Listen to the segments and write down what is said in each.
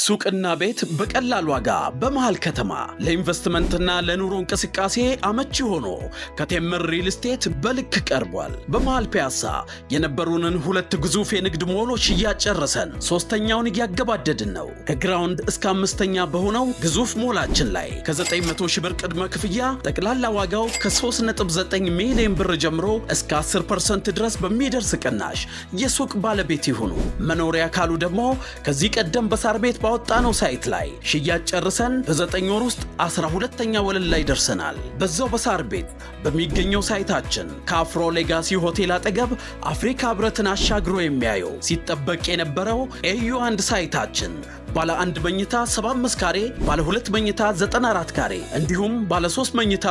ሱቅና ቤት በቀላል ዋጋ በመሃል ከተማ ለኢንቨስትመንትና ለኑሮ እንቅስቃሴ አመቺ ሆኖ ከቴምር ሪል ስቴት በልክ ቀርቧል። በመሃል ፒያሳ የነበሩንን ሁለት ግዙፍ የንግድ ሞሎች እያጨረሰን ሶስተኛውን እያገባደድን ነው። ከግራውንድ እስከ አምስተኛ በሆነው ግዙፍ ሞላችን ላይ ከ900 ሺህ ብር ቅድመ ክፍያ ጠቅላላ ዋጋው ከ3.9 ሚሊዮን ብር ጀምሮ እስከ 10 ፐርሰንት ድረስ በሚደርስ ቅናሽ የሱቅ ባለቤት ይሁኑ። መኖሪያ ካሉ ደግሞ ከዚህ ቀደም በሳር ቤት ባወጣነው ሳይት ላይ ሽያጭ ጨርሰን በዘጠኝ ወር ውስጥ አስራ ሁለተኛ ወለል ላይ ደርሰናል። በዛው በሳር ቤት በሚገኘው ሳይታችን ከአፍሮ ሌጋሲ ሆቴል አጠገብ አፍሪካ ህብረትን አሻግሮ የሚያየው ሲጠበቅ የነበረው ኤዩ አንድ ሳይታችን ባለ አንድ መኝታ 75 ካሬ፣ ባለ ሁለት መኝታ 94 ካሬ እንዲሁም ባለ ሶስት መኝታ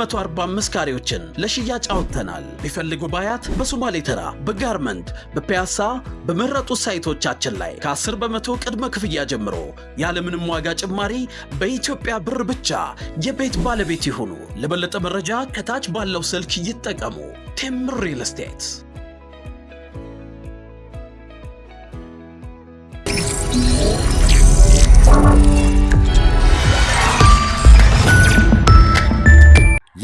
145 ካሬዎችን ለሽያጭ አውጥተናል። ቢፈልጉ ባያት፣ በሶማሌ ተራ፣ በጋርመንት፣ በፒያሳ በመረጡ ሳይቶቻችን ላይ ከ10 በመቶ ቅድመ ክፍያ ጀምሮ ያለምንም ዋጋ ጭማሪ በኢትዮጵያ ብር ብቻ የቤት ባለቤት ይሁኑ። ለበለጠ መረጃ ከታች ባለው ስልክ ይጠቀሙ። ቴምር ሪል ስቴት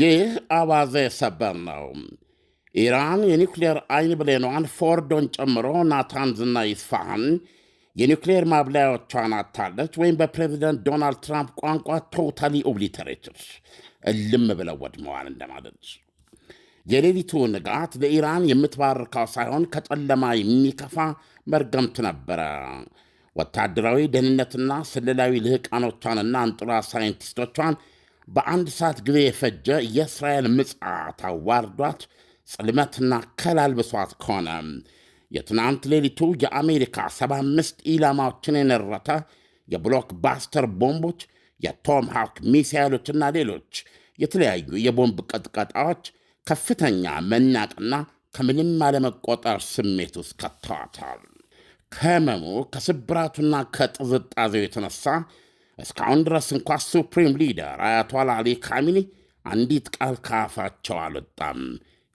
ይህ አባዜ ሰበር ነው። ኢራን የኒውክሌር አይን ብሌኗን ፎርዶን ጨምሮ ናታንዝና ይስፋሃን የኒውክሌር ማብላያዎቿን አታለች፣ ወይም በፕሬዚደንት ዶናልድ ትራምፕ ቋንቋ ቶታሊ ኦብሊተሬትድ እልም ብለው ወድመዋል እንደማለት። የሌሊቱ ንጋት ለኢራን የምትባርካው ሳይሆን ከጨለማ የሚከፋ መርገምት ነበረ። ወታደራዊ ደህንነትና ስልላዊ ልህቃኖቿንና አንጡራ ሳይንቲስቶቿን በአንድ ሰዓት ጊዜ የፈጀ የእስራኤል ምጽዓት አዋርዷት ጽልመትና ከላልብሷት ከሆነ የትናንት ሌሊቱ የአሜሪካ 75 ኢላማዎችን የነረተ የብሎክ ባስተር ቦምቦች፣ የቶም ሃውክ ሚሳይሎችና ሌሎች የተለያዩ የቦምብ ቀጥቀጣዎች ከፍተኛ መናቅና ከምንም አለመቆጠር ስሜት ውስጥ ከተዋታል። ከህመሙ ከስብራቱና ከጥዝጣዜው የተነሳ እስካሁን ድረስ እንኳ ሱፕሪም ሊደር አያቷላ አሊ ካሚኒ አንዲት ቃል ከአፋቸው አልወጣም።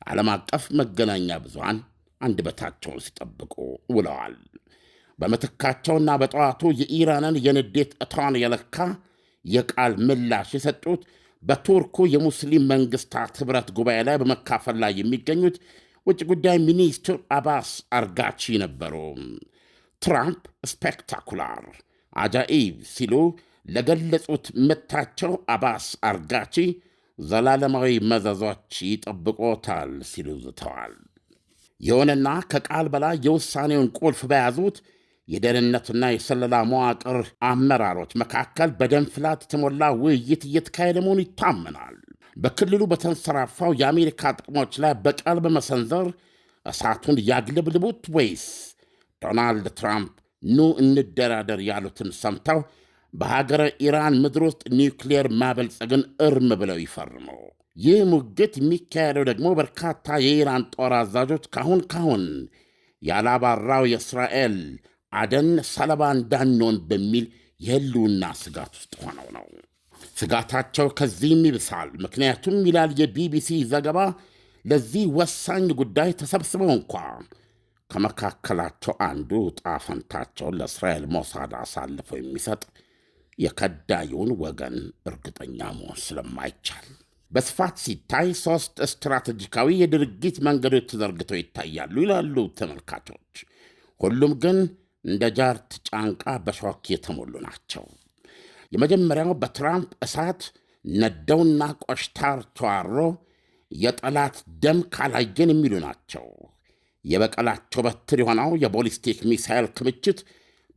የዓለም አቀፍ መገናኛ ብዙሃን አንደበታቸውን ሲጠብቁ ውለዋል። በምትካቸውና በጠዋቱ የኢራንን የንዴት እቷን የለካ የቃል ምላሽ የሰጡት በቱርኩ የሙስሊም መንግስታት ኅብረት ጉባኤ ላይ በመካፈል ላይ የሚገኙት ውጭ ጉዳይ ሚኒስትር አባስ አርጋቺ ነበሩ። ትራምፕ ስፔክታኩላር አጃኢብ ሲሉ ለገለጹት ምታቸው አባስ አርጋቺ ዘላለማዊ መዘዞች ይጠብቆታል ሲሉ ዝተዋል። ይሁንና ከቃል በላይ የውሳኔውን ቁልፍ በያዙት የደህንነትና የስለላ መዋቅር አመራሮች መካከል በደንፍላት የተሞላ ውይይት እየተካሄደ መሆኑ ይታመናል። በክልሉ በተንሰራፋው የአሜሪካ ጥቅሞች ላይ በቀል መሰንዘር እሳቱን ያግለብልቡት ወይስ ዶናልድ ትራምፕ ኑ እንደራደር ያሉትን ሰምተው በሀገረ ኢራን ምድር ውስጥ ኒውክሌር ማበልጸግን እርም ብለው ይፈርመው። ይህ ሙግት የሚካሄደው ደግሞ በርካታ የኢራን ጦር አዛዦች ካሁን ካሁን ያላባራው የእስራኤል አደን ሰለባ እንዳንሆን በሚል የህልውና ስጋት ውስጥ ሆነው ነው። ስጋታቸው ከዚህም ይብሳል። ምክንያቱም ይላል የቢቢሲ ዘገባ፣ ለዚህ ወሳኝ ጉዳይ ተሰብስበው እንኳ ከመካከላቸው አንዱ ዕጣ ፈንታቸውን ለእስራኤል ሞሳድ አሳልፈው የሚሰጥ የከዳዩን ወገን እርግጠኛ መሆን ስለማይቻል በስፋት ሲታይ ሶስት ስትራቴጂካዊ የድርጊት መንገዶች ተዘርግተው ይታያሉ ይላሉ ተመልካቾች። ሁሉም ግን እንደ ጃርት ጫንቃ በሾክ የተሞሉ ናቸው። የመጀመሪያው በትራምፕ እሳት ነደውና ቆሽታር ተዋሮ የጠላት ደም ካላየን የሚሉ ናቸው። የበቀላቸው በትር የሆነው የቦሊስቲክ ሚሳይል ክምችት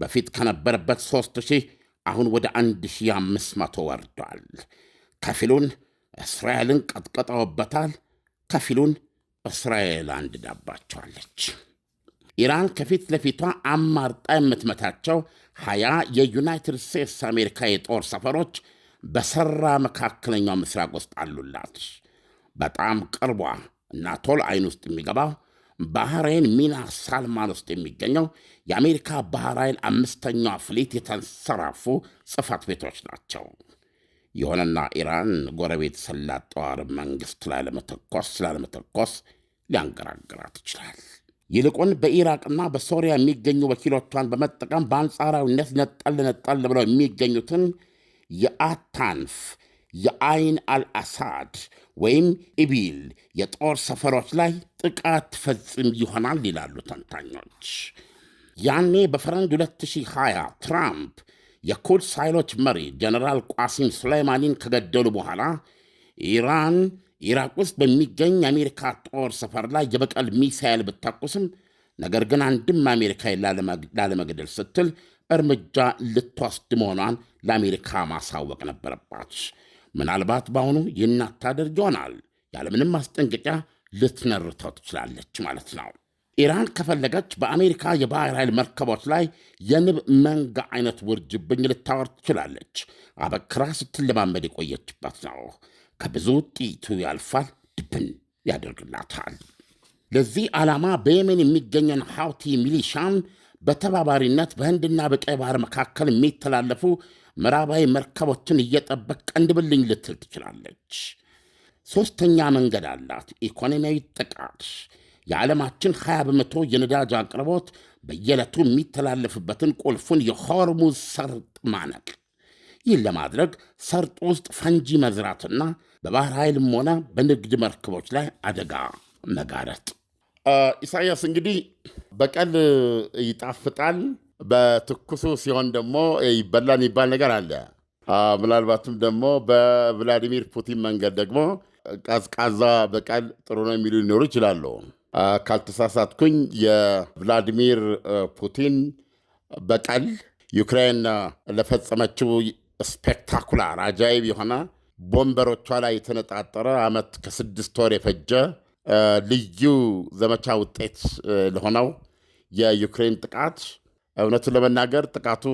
በፊት ከነበረበት ሺህ አሁን ወደ 1500 ወርዷል። ከፊሉን እስራኤልን ቀጥቀጠውበታል ከፊሉን እስራኤል አንድ ዳባቸዋለች። ኢራን ከፊት ለፊቷ አማርጣ የምትመታቸው ሀያ የዩናይትድ ስቴትስ አሜሪካ የጦር ሰፈሮች በሰራ መካከለኛው ምስራቅ ውስጥ አሉላት። በጣም ቅርቧ እና ቶል አይን ውስጥ የሚገባው ባህራይን ሚና ሳልማን ውስጥ የሚገኘው የአሜሪካ ባህራይን አምስተኛ ፍሊት የተንሰራፉ ጽሕፈት ቤቶች ናቸው። የሆነና ኢራን ጎረቤት ሰላጤው አረብ መንግሥት ላለመተኮስ ስላለመተኮስ ሊያንገራግራት ይችላል። ይልቁን በኢራቅና በሶሪያ የሚገኙ ወኪሎቿን በመጠቀም በአንጻራዊነት ነጠል ነጠል ብለው የሚገኙትን የአታንፍ የአይን አልአሳድ ወይም ኢቢል የጦር ሰፈሮች ላይ ጥቃት ፈጽም ይሆናል ይላሉ ተንታኞች። ያኔ በፈረንጅ 2020 ትራምፕ የኩድስ ኃይሎች መሪ ጀነራል ቋሲም ሱላይማኒን ከገደሉ በኋላ ኢራን ኢራቅ ውስጥ በሚገኝ የአሜሪካ ጦር ሰፈር ላይ የበቀል ሚሳኤል ብታቁስም ነገር ግን አንድም አሜሪካ ላለመግደል ስትል እርምጃ ልትወስድ መሆኗን ለአሜሪካ ማሳወቅ ነበረባት። ምናልባት በአሁኑ ይናታደርግ ይሆናል። ያለምንም ማስጠንቀቂያ ልትነርተው ትችላለች ማለት ነው። ኢራን ከፈለገች በአሜሪካ የባሕር ኃይል መርከቦች ላይ የንብ መንጋ አይነት ውርጅብኝ ልታወር ትችላለች። አበክራ ስትለማመድ የቆየችበት ነው። ከብዙ ጥይቱ ያልፋል፣ ድብን ያደርግላታል። ለዚህ ዓላማ በየመን የሚገኘን ሐውቲ ሚሊሻን በተባባሪነት በህንድና በቀይ ባህር መካከል የሚተላለፉ ምዕራባዊ መርከቦችን እየጠበቅ ቀንድብልኝ ልትል ትችላለች። ሦስተኛ መንገድ አላት። ኢኮኖሚያዊ ጥቃት የዓለማችን 20 በመቶ የነዳጅ አቅርቦት በየዕለቱ የሚተላለፍበትን ቁልፉን የሆርሙዝ ሰርጥ ማነቅ። ይህን ለማድረግ ሰርጥ ውስጥ ፈንጂ መዝራትና በባህር ኃይልም ሆነ በንግድ መርከቦች ላይ አደጋ መጋረጥ። ኢሳያስ እንግዲህ በቀል ይጣፍጣል በትኩሱ ሲሆን ደግሞ ይበላ የሚባል ነገር አለ። ምናልባትም ደግሞ በቭላዲሚር ፑቲን መንገድ ደግሞ ቀዝቃዛ በቀል ጥሩ ነው የሚሉ ሊኖሩ ይችላሉ። ካልተሳሳትኩኝ የቭላዲሚር ፑቲን በቀል ዩክሬን ለፈጸመችው ስፔክታኩላር አጃይብ የሆነ ቦምበሮቿ ላይ የተነጣጠረ ዓመት ከስድስት ወር የፈጀ ልዩ ዘመቻ ውጤት ለሆነው የዩክሬን ጥቃት እውነቱን ለመናገር ጥቃቱ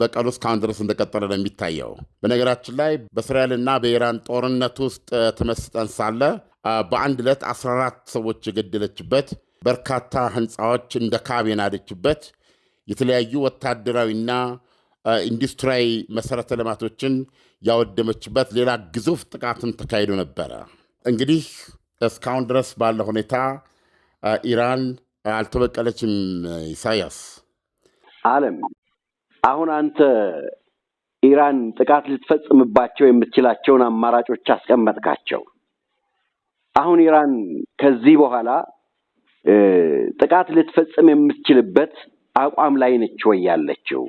በቀሉ እስካሁን ድረስ እንደቀጠለ ነው የሚታየው። በነገራችን ላይ በእስራኤልና በኢራን ጦርነት ውስጥ ተመስጠን ሳለ በአንድ ዕለት 14 ሰዎች የገደለችበት፣ በርካታ ህንፃዎች እንደ ካብ የናደችበት፣ የተለያዩ ወታደራዊና ኢንዱስትሪያዊ መሰረተ ልማቶችን ያወደመችበት ሌላ ግዙፍ ጥቃትም ተካሂዶ ነበረ። እንግዲህ እስካሁን ድረስ ባለ ሁኔታ ኢራን አልተበቀለችም ኢሳያስ። አለም አሁን አንተ ኢራን ጥቃት ልትፈጽምባቸው የምትችላቸውን አማራጮች አስቀመጥካቸው። አሁን ኢራን ከዚህ በኋላ ጥቃት ልትፈጽም የምትችልበት አቋም ላይ ነች ወይ ያለችው?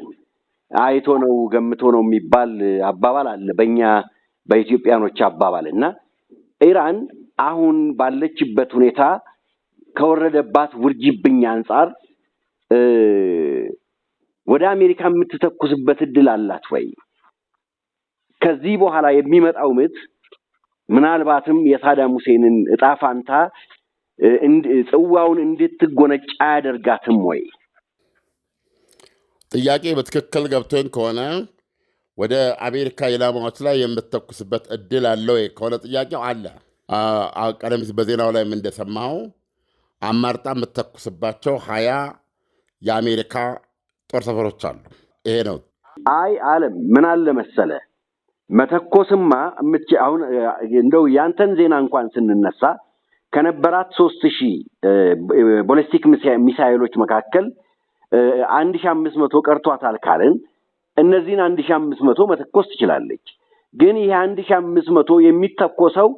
አይቶ ነው ገምቶ ነው የሚባል አባባል አለ በእኛ በኢትዮጵያኖች አባባል እና ኢራን አሁን ባለችበት ሁኔታ ከወረደባት ውርጅብኝ አንጻር ወደ አሜሪካ የምትተኩስበት እድል አላት ወይ? ከዚህ በኋላ የሚመጣው ምት ምናልባትም የሳዳም ሁሴንን እጣ ፋንታ ጽዋውን እንድትጎነጭ አያደርጋትም ወይ? ጥያቄ በትክክል ገብቶኝ ከሆነ ወደ አሜሪካ ኢላማዎች ላይ የምትተኩስበት እድል አለ ወይ ከሆነ ጥያቄው አለ። ቀደም ሲል በዜናው ላይም እንደሰማው አማርጣ የምትተኩስባቸው ሀያ የአሜሪካ ጦር ሰፈሮች አሉ። ይሄ ነው። አይ አለም ምን አለ መሰለ መተኮስማ ምች አሁን እንደው ያንተን ዜና እንኳን ስንነሳ ከነበራት ሶስት ሺህ ቦሌስቲክ ሚሳይሎች መካከል አንድ ሺህ አምስት መቶ ቀርቷታል ካልን እነዚህን አንድ ሺህ አምስት መቶ መተኮስ ትችላለች። ግን ይህ አንድ ሺህ አምስት መቶ የሚተኮሰው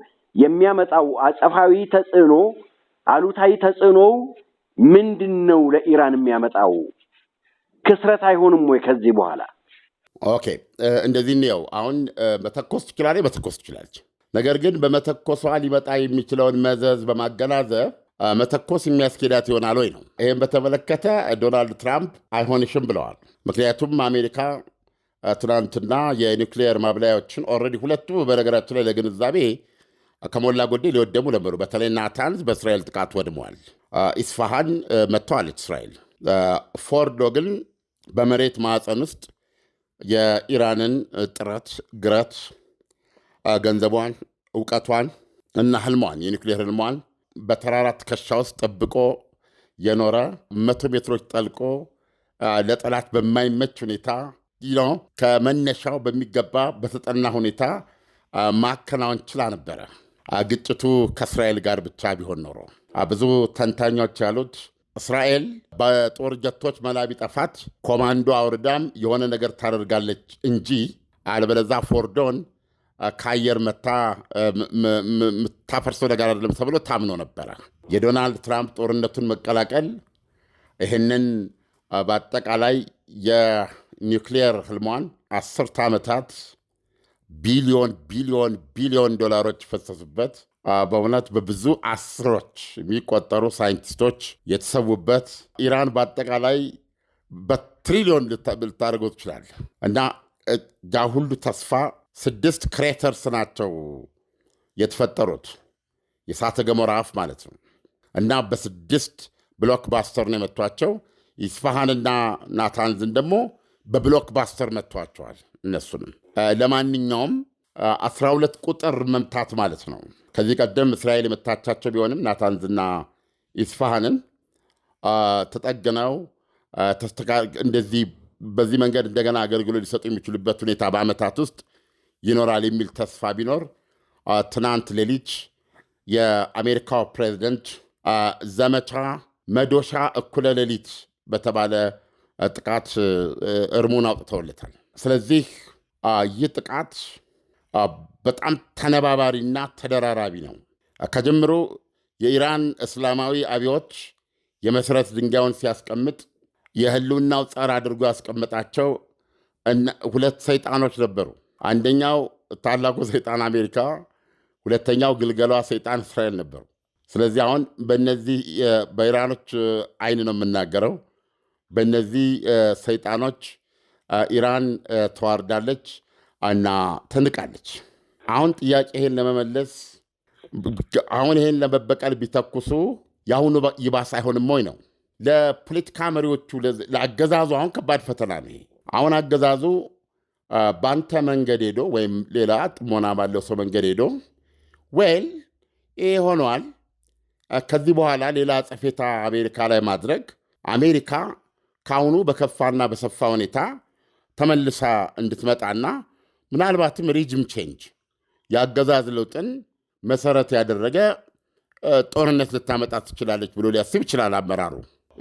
የሚያመጣው አጸፋዊ ተጽዕኖ አሉታዊ ተጽዕኖው ምንድን ነው ለኢራን የሚያመጣው ክስረት አይሆንም ወይ ከዚህ በኋላ? ኦኬ እንደዚህ እንየው። አሁን መተኮስ ትችላለ፣ መተኮስ ትችላለች። ነገር ግን በመተኮሷ ሊመጣ የሚችለውን መዘዝ በማገናዘብ መተኮስ የሚያስኬዳት ይሆናል ወይ ነው። ይህም በተመለከተ ዶናልድ ትራምፕ አይሆንሽም ብለዋል። ምክንያቱም አሜሪካ ትናንትና የኒውክሊየር ማብላያዎችን ኦልሬዲ ሁለቱ በነገራችን ላይ ለግንዛቤ ከሞላ ጎደል ሊወደሙ ነበሩ። በተለይ ናታንዝ በእስራኤል ጥቃት ወድመዋል። ኢስፋሃን መጥተዋለች እስራኤል። ፎርዶ ግን በመሬት ማዕፀን ውስጥ የኢራንን ጥረት ግረት፣ ገንዘቧን፣ እውቀቷን እና ህልሟን የኒክሌር ህልሟን በተራራ ትከሻ ውስጥ ጠብቆ የኖረ መቶ ሜትሮች ጠልቆ ለጠላት በማይመች ሁኔታ ከመነሻው በሚገባ በተጠና ሁኔታ ማከናወን ችላ ነበረ። ግጭቱ ከእስራኤል ጋር ብቻ ቢሆን ኖሮ ብዙ ተንታኞች ያሉት እስራኤል በጦር ጀቶች መላ ቢጠፋት ኮማንዶ አውርዳም የሆነ ነገር ታደርጋለች እንጂ አለበለዛ ፎርዶን ከአየር መታ የምታፈርሰው ነገር አይደለም ተብሎ ታምኖ ነበረ። የዶናልድ ትራምፕ ጦርነቱን መቀላቀል ይህንን በአጠቃላይ የኒውክሊየር ህልሟን አስርት ዓመታት ቢሊዮን ቢሊዮን ቢሊዮን ዶላሮች ፈሰሱበት በእውነት በብዙ አስሮች የሚቆጠሩ ሳይንቲስቶች የተሰዉበት ኢራን በአጠቃላይ በትሪሊዮን ልታደርገው ትችላለ እና ያ ሁሉ ተስፋ ስድስት ክሬተርስ ናቸው የተፈጠሩት የእሳተ ገሞራ አፍ ማለት ነው እና በስድስት ብሎክ ባስተር ነው የመቷቸው። ኢስፋሃንና ናታንዝን ደግሞ በብሎክ ባስተር መጥቷቸዋል እነሱንም ለማንኛውም ሁለት ቁጥር መምታት ማለት ነው። ከዚህ ቀደም እስራኤል የመታቻቸው ቢሆንም ናታንዝና ኢስፋሃንን ተጠግነው እንደዚህ በዚህ መንገድ እንደገና አገልግሎት ሊሰጡ የሚችሉበት ሁኔታ በዓመታት ውስጥ ይኖራል የሚል ተስፋ ቢኖር ትናንት ሌሊት የአሜሪካው ፕሬዚደንት ዘመቻ መዶሻ እኩለ ሌሊት በተባለ ጥቃት እርሙን አውጥተውለታል። ስለዚህ ይህ ጥቃት በጣም ተነባባሪና ተደራራቢ ነው። ከጀምሮ የኢራን እስላማዊ አብዮች የመሠረት ድንጋዩን ሲያስቀምጥ የህልውናው ጸር አድርጎ ያስቀመጣቸው ሁለት ሰይጣኖች ነበሩ። አንደኛው ታላቁ ሰይጣን አሜሪካ፣ ሁለተኛው ግልገሏ ሰይጣን እስራኤል ነበሩ። ስለዚህ አሁን በነዚህ በኢራኖች አይን ነው የምናገረው። በነዚህ ሰይጣኖች ኢራን ተዋርዳለች። እና ትንቃለች። አሁን ጥያቄ ይሄን ለመመለስ አሁን ይሄን ለመበቀል ቢተኩሱ የአሁኑ ይባስ አይሆንም ወይ ነው። ለፖለቲካ መሪዎቹ ለአገዛዙ አሁን ከባድ ፈተና ነው። አሁን አገዛዙ በአንተ መንገድ ሄዶ ወይም ሌላ ጥሞና ባለው ሰው መንገድ ሄዶ ወይል ይህ ሆኗል፣ ከዚህ በኋላ ሌላ ጸፌታ አሜሪካ ላይ ማድረግ አሜሪካ ከአሁኑ በከፋና በሰፋ ሁኔታ ተመልሳ እንድትመጣና ምናልባትም ሪጅም ቼንጅ የአገዛዝ ለውጥን መሰረት ያደረገ ጦርነት ልታመጣ ትችላለች ብሎ ሊያስብ ይችላል አመራሩ።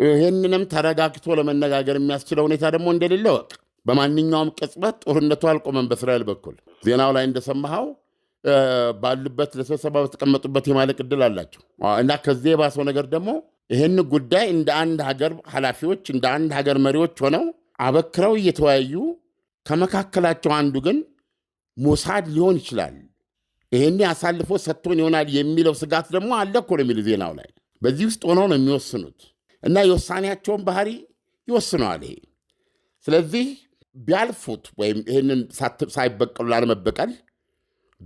ይህንንም ተረጋግቶ ለመነጋገር የሚያስችለው ሁኔታ ደግሞ እንደሌለ ወቅ በማንኛውም ቅጽበት ጦርነቱ አልቆመም። በእስራኤል በኩል ዜናው ላይ እንደሰማኸው ባሉበት ለስብሰባ በተቀመጡበት የማለቅ እድል አላቸው እና ከዚህ የባሰው ነገር ደግሞ ይህን ጉዳይ እንደ አንድ ሀገር ኃላፊዎች እንደ አንድ ሀገር መሪዎች ሆነው አበክረው እየተወያዩ ከመካከላቸው አንዱ ግን ሞሳድ ሊሆን ይችላል ይሄኔ አሳልፎ ሰጥቶን ይሆናል የሚለው ስጋት ደግሞ አለ እኮ ነው የሚል ዜናው ላይ። በዚህ ውስጥ ሆነው ነው የሚወስኑት እና የውሳኔያቸውን ባህሪ ይወስነዋል ይሄ። ስለዚህ ቢያልፉት ወይም ይህንን ሳይበቀሉ ላለመበቀል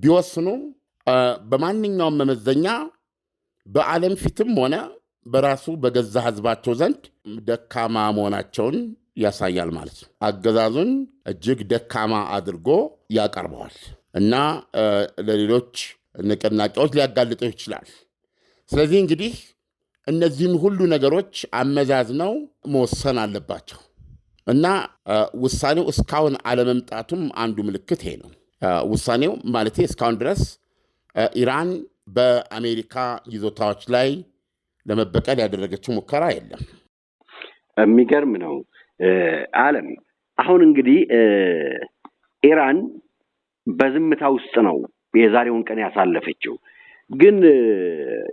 ቢወስኑ በማንኛውም መመዘኛ በዓለም ፊትም ሆነ በራሱ በገዛ ህዝባቸው ዘንድ ደካማ መሆናቸውን ያሳያል ማለት ነው። አገዛዙን እጅግ ደካማ አድርጎ ያቀርበዋል እና ለሌሎች ንቅናቄዎች ሊያጋልጠው ይችላል። ስለዚህ እንግዲህ እነዚህን ሁሉ ነገሮች አመዛዝነው መወሰን አለባቸው እና ውሳኔው እስካሁን አለመምጣቱም አንዱ ምልክት ይሄ ነው። ውሳኔው ማለት እስካሁን ድረስ ኢራን በአሜሪካ ይዞታዎች ላይ ለመበቀል ያደረገችው ሙከራ የለም። የሚገርም ነው። አለም። አሁን እንግዲህ ኢራን በዝምታ ውስጥ ነው የዛሬውን ቀን ያሳለፈችው። ግን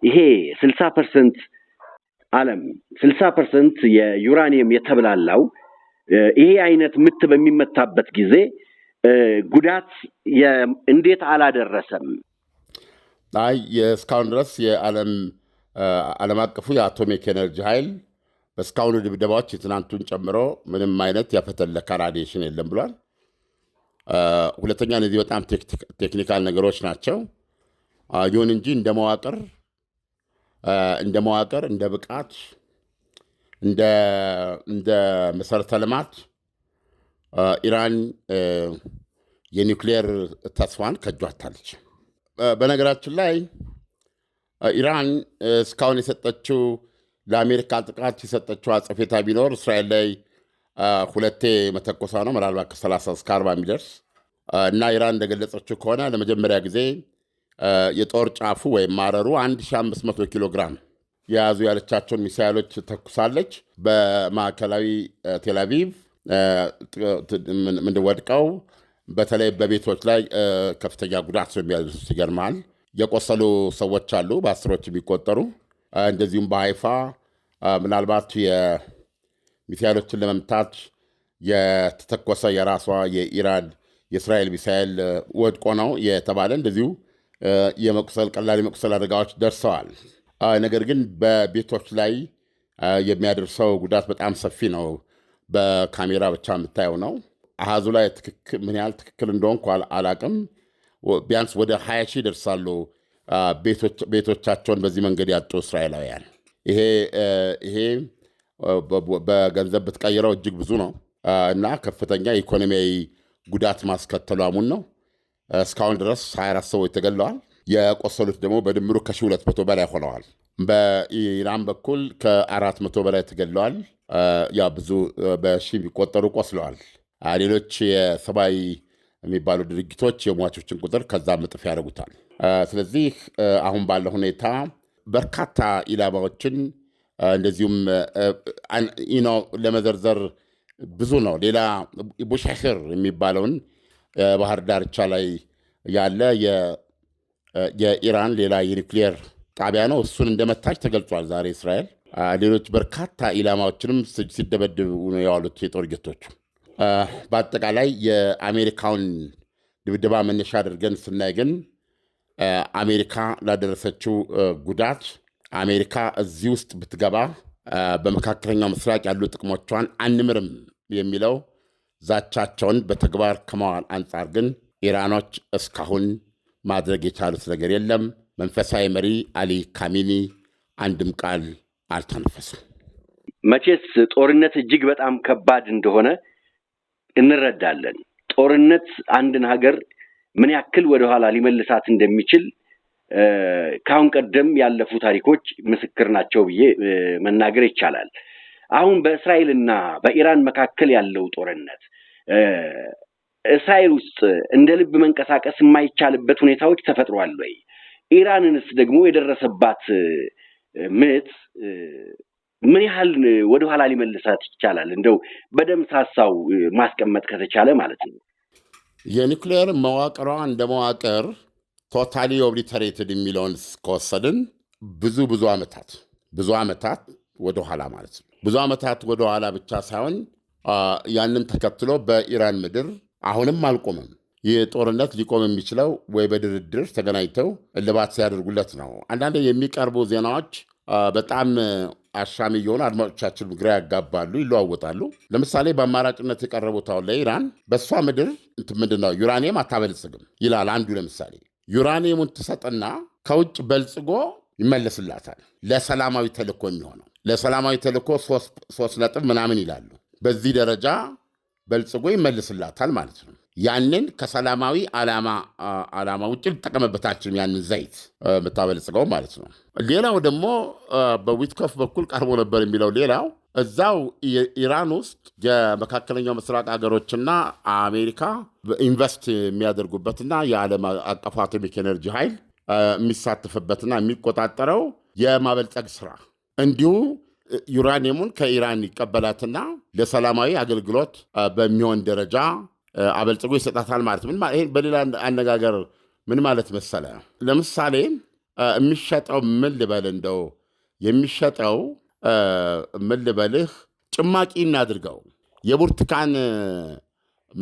ይሄ ስልሳ ፐርሰንት አለም ስልሳ ፐርሰንት የዩራኒየም የተብላላው ይሄ አይነት ምት በሚመታበት ጊዜ ጉዳት እንዴት አላደረሰም? አይ እስካሁን ድረስ የዓለም ዓለም አቀፉ የአቶሚክ ኤነርጂ ኃይል በእስካሁኑ ድብደባዎች የትናንቱን ጨምሮ ምንም አይነት ያፈተለካ ራዲዬሽን የለም ብሏል። ሁለተኛ እነዚህ በጣም ቴክኒካል ነገሮች ናቸው። ይሁን እንጂ እንደ መዋቅር እንደ መዋቅር እንደ ብቃት እንደ መሰረተ ልማት ኢራን የኒውክሌር ተስፋን ከእጇ አታለች። በነገራችን ላይ ኢራን እስካሁን የሰጠችው ለአሜሪካ ጥቃት የሰጠችው አጸፌታ ቢኖር እስራኤል ላይ ሁለቴ መተኮሳ ነው፣ ምናልባት ከ30 እስከ 40 የሚደርስ እና ኢራን እንደገለጸችው ከሆነ ለመጀመሪያ ጊዜ የጦር ጫፉ ወይም ማረሩ 1500 ኪሎ ግራም የያዙ ያለቻቸውን ሚሳይሎች ተኩሳለች። በማዕከላዊ ቴልአቪቭ ምንድወድቀው በተለይ በቤቶች ላይ ከፍተኛ ጉዳት ነው የሚያደርሱት። ይገርማል። የቆሰሉ ሰዎች አሉ በአስሮች የሚቆጠሩ እንደዚሁም በሀይፋ ምናልባት የሚሳይሎችን ለመምታት የተተኮሰ የራሷ የኢራን የእስራኤል ሚሳይል ወድቆ ነው የተባለ እንደዚሁ የመቁሰል ቀላል የመቁሰል አደጋዎች ደርሰዋል። ነገር ግን በቤቶች ላይ የሚያደርሰው ጉዳት በጣም ሰፊ ነው። በካሜራ ብቻ የምታየው ነው። አሃዙ ላይ ምን ያህል ትክክል እንደሆንኩ አላቅም። ቢያንስ ወደ ሀያ ሺህ ይደርሳሉ ቤቶቻቸውን በዚህ መንገድ ያጡ እስራኤላውያን ይሄ ይሄ በገንዘብ ብትቀይረው እጅግ ብዙ ነው እና ከፍተኛ ኢኮኖሚያዊ ጉዳት ማስከተሉ አሙን ነው። እስካሁን ድረስ 24 ሰዎች ተገለዋል። የቆሰሉት ደግሞ በድምሩ ከ1200 በላይ ሆነዋል። በኢራን በኩል ከ400 በላይ ተገለዋል። ያ ብዙ በሺ የሚቆጠሩ ቆስለዋል። ሌሎች የሰብአዊ የሚባሉ ድርጊቶች የሟቾችን ቁጥር ከዛም እጥፍ ያደርጉታል። ስለዚህ አሁን ባለ ሁኔታ በርካታ ኢላማዎችን እንደዚሁም ለመዘርዘር ብዙ ነው። ሌላ ቡሻሽር የሚባለውን ባህር ዳርቻ ላይ ያለ የኢራን ሌላ የኒውክሊየር ጣቢያ ነው። እሱን እንደመታች ተገልጿል ዛሬ እስራኤል። ሌሎች በርካታ ኢላማዎችንም ሲደበድቡ ነው የዋሉት የጦር ጀቶች። በአጠቃላይ የአሜሪካውን ድብደባ መነሻ አድርገን ስናይ ግን አሜሪካ ላደረሰችው ጉዳት አሜሪካ እዚህ ውስጥ ብትገባ በመካከለኛው ምስራቅ ያሉ ጥቅሞቿን አንምርም የሚለው ዛቻቸውን በተግባር ከመዋል አንጻር ግን ኢራኖች እስካሁን ማድረግ የቻሉት ነገር የለም። መንፈሳዊ መሪ አሊ ካሚኒ አንድም ቃል አልተነፈሱም። መቼስ ጦርነት እጅግ በጣም ከባድ እንደሆነ እንረዳለን። ጦርነት አንድን ሀገር ምን ያክል ወደኋላ ሊመልሳት እንደሚችል ከአሁን ቀደም ያለፉ ታሪኮች ምስክር ናቸው ብዬ መናገር ይቻላል። አሁን በእስራኤልና በኢራን መካከል ያለው ጦርነት እስራኤል ውስጥ እንደ ልብ መንቀሳቀስ የማይቻልበት ሁኔታዎች ተፈጥሯል ወይ? ኢራንንስ ደግሞ የደረሰባት ምት ምን ያህል ወደኋላ ሊመልሳት ይቻላል? እንደው በደምሳሳው ማስቀመጥ ከተቻለ ማለት ነው። የኒውክሌር መዋቅሯ እንደ መዋቅር ቶታሊ ኦብሊተሬትድ የሚለውን ከወሰድን ብዙ ብዙ ዓመታት ብዙ ዓመታት ወደኋላ ማለት ነው። ብዙ ዓመታት ወደኋላ ብቻ ሳይሆን ያንን ተከትሎ በኢራን ምድር አሁንም አልቆመም። ይህ ጦርነት ሊቆም የሚችለው ወይ በድርድር ተገናኝተው እልባት ሲያደርጉለት ነው። አንዳንድ የሚቀርቡ ዜናዎች በጣም አሻሚ የሆኑ አድማጮቻችን ግራ ያጋባሉ፣ ይለዋወጣሉ። ለምሳሌ በአማራጭነት የቀረቡት አሁን ለኢራን በእሷ ምድር ምንድን ነው ዩራኒየም አታበልጽግም ይላል አንዱ። ለምሳሌ ዩራኒየሙን ትሰጥና ከውጭ በልጽጎ ይመለስላታል። ለሰላማዊ ተልኮ የሚሆነው ለሰላማዊ ተልኮ ሶስት ነጥብ ምናምን ይላሉ። በዚህ ደረጃ በልጽጎ ይመልስላታል ማለት ነው። ያንን ከሰላማዊ ዓላማ ውጭ ልጠቀምበት ያንን ዘይት የምታበለጽገው ማለት ነው። ሌላው ደግሞ በዊትኮፍ በኩል ቀርቦ ነበር የሚለው ሌላው እዛው ኢራን ውስጥ የመካከለኛው ምስራቅ ሀገሮችና አሜሪካ ኢንቨስት የሚያደርጉበትና የዓለም አቀፉ አቶሚክ ኤነርጂ ኃይል የሚሳተፍበትና የሚቆጣጠረው የማበልጸግ ስራ እንዲሁ ዩራኒየሙን ከኢራን ይቀበላትና ለሰላማዊ አገልግሎት በሚሆን ደረጃ አበልጽጎ ይሰጣታል ማለት ምን ይሄ በሌላ አነጋገር ምን ማለት መሰለ፣ ለምሳሌ የሚሸጠው ምን ልበል እንደው የሚሸጠው ምን ልበልህ ጭማቂ እናድርገው የብርቱካን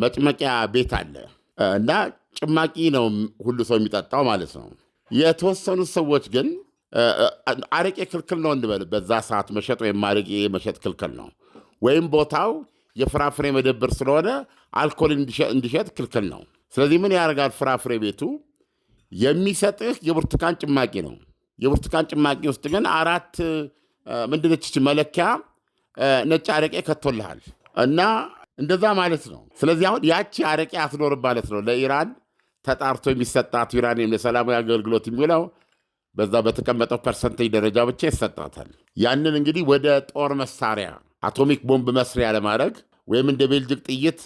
መጭመቂያ ቤት አለ እና ጭማቂ ነው ሁሉ ሰው የሚጠጣው ማለት ነው። የተወሰኑት ሰዎች ግን አረቄ ክልክል ነው እንበል፣ በዛ ሰዓት መሸጥ ወይም አረቄ መሸጥ ክልክል ነው ወይም ቦታው የፍራፍሬ መደብር ስለሆነ አልኮል እንዲሸጥ ክልክል ነው። ስለዚህ ምን ያደርጋል? ፍራፍሬ ቤቱ የሚሰጥህ የብርቱካን ጭማቂ ነው። የብርቱካን ጭማቂ ውስጥ ግን አራት ምንድነችች መለኪያ ነጭ አረቄ ከቶልሃል እና እንደዛ ማለት ነው። ስለዚህ አሁን ያቺ አረቄ አትኖርም ማለት ነው። ለኢራን ተጣርቶ የሚሰጣት ዩራኒየም ለሰላማዊ አገልግሎት የሚውለው በዛ በተቀመጠው ፐርሰንቴጅ ደረጃ ብቻ ይሰጣታል። ያንን እንግዲህ ወደ ጦር መሳሪያ አቶሚክ ቦምብ መስሪያ ለማድረግ ወይም እንደ ቤልጅግ ጥይት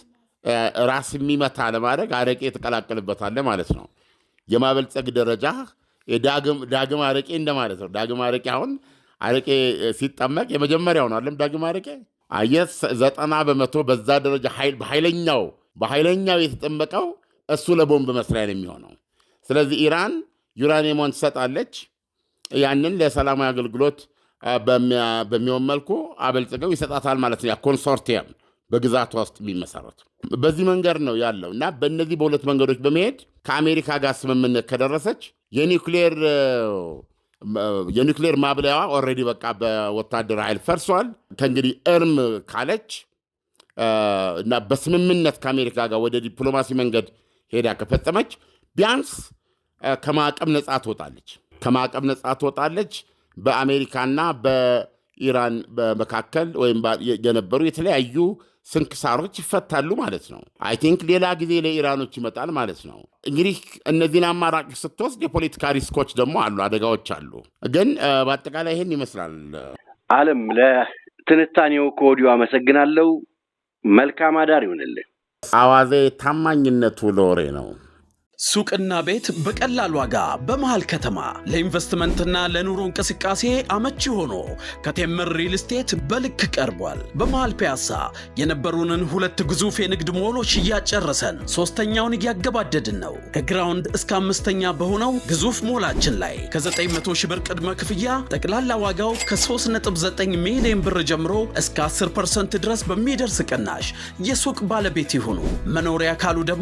ራስ የሚመታ ለማድረግ አረቄ የተቀላቀልበታለ ማለት ነው። የማበልጸግ ደረጃ ዳግም አረቄ እንደማለት ነው። ዳግም አረቄ አሁን አረቄ ሲጠመቅ የመጀመሪያው ነው አለም ዳግም አረቄ አየህ፣ ዘጠና በመቶ በዛ ደረጃ በኃይለኛው በኃይለኛው የተጠመቀው እሱ ለቦምብ መስሪያ ነው የሚሆነው። ስለዚህ ኢራን ዩራኒየሟን ትሰጣለች። ያንን ለሰላማዊ አገልግሎት በሚሆን መልኩ አበልጽገው ይሰጣታል ማለት ነው። ያ ኮንሶርቲየም በግዛቷ ውስጥ የሚመሰረት በዚህ መንገድ ነው ያለው እና በእነዚህ በሁለት መንገዶች በመሄድ ከአሜሪካ ጋር ስምምነት ከደረሰች የኒውክሌር ማብለያዋ ኦልሬዲ በቃ በወታደር ኃይል ፈርሷል። ከእንግዲህ እርም ካለች እና በስምምነት ከአሜሪካ ጋር ወደ ዲፕሎማሲ መንገድ ሄዳ ከፈጸመች ቢያንስ ከማዕቀብ ነፃ ትወጣለች። ከማዕቀብ ነፃ ትወጣለች። በአሜሪካና በኢራን መካከል ወይም የነበሩ የተለያዩ ስንክሳሮች ይፈታሉ ማለት ነው። አይ ቲንክ ሌላ ጊዜ ለኢራኖች ይመጣል ማለት ነው። እንግዲህ እነዚህን አማራጭ ስትወስድ የፖለቲካ ሪስኮች ደግሞ አሉ፣ አደጋዎች አሉ። ግን በአጠቃላይ ይህን ይመስላል። አለም ለትንታኔው ከወዲሁ አመሰግናለሁ። መልካም አዳር ይሆንልን። አዋዜ ታማኝነቱ ለወሬ ነው። ሱቅና ቤት በቀላል ዋጋ በመሃል ከተማ ለኢንቨስትመንትና ለኑሮ እንቅስቃሴ አመቺ ሆኖ ከቴምር ሪል ስቴት በልክ ቀርቧል። በመሃል ፒያሳ የነበሩንን ሁለት ግዙፍ የንግድ ሞሎች እያጨረሰን ሶስተኛውን እያገባደድን ነው። ከግራውንድ እስከ አምስተኛ በሆነው ግዙፍ ሞላችን ላይ ከ900 ሺህ ብር ቅድመ ክፍያ ጠቅላላ ዋጋው ከ3.9 ሚሊዮን ብር ጀምሮ እስከ 10 ፐርሰንት ድረስ በሚደርስ ቅናሽ የሱቅ ባለቤት ይሁኑ። መኖሪያ ካሉ ደግሞ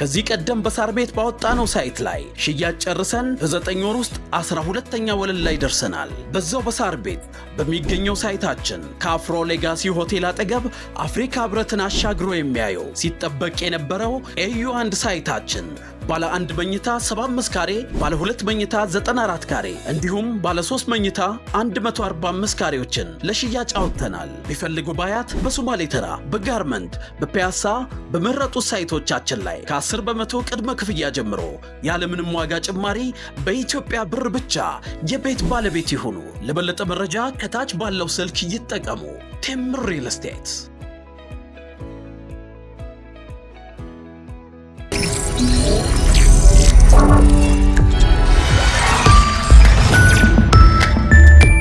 ከዚህ ቀደም በሳር ቤት ባወጣነው ሳይት ላይ ሽያጭ ጨርሰን በዘጠኝ ወር ውስጥ አስራ ሁለተኛ ወለል ላይ ደርሰናል። በዛው በሳር ቤት በሚገኘው ሳይታችን ከአፍሮ ሌጋሲ ሆቴል አጠገብ አፍሪካ ህብረትን አሻግሮ የሚያየው ሲጠበቅ የነበረው ኤዩ አንድ ሳይታችን ባለ አንድ መኝታ 75 ካሬ፣ ባለ ሁለት መኝታ 94 ካሬ እንዲሁም ባለ 3 መኝታ 145 ካሬዎችን ለሽያጭ አውጥተናል። ቢፈልጉ ባያት፣ በሶማሌ ተራ፣ በጋርመንት፣ በፒያሳ በመረጡ ሳይቶቻችን ላይ ከ10 በመቶ ቅድመ ክፍያ ጀምሮ ያለምንም ዋጋ ጭማሪ በኢትዮጵያ ብር ብቻ የቤት ባለቤት ይሁኑ። ለበለጠ መረጃ ከታች ባለው ስልክ ይጠቀሙ። ቴምር ሪል ስቴት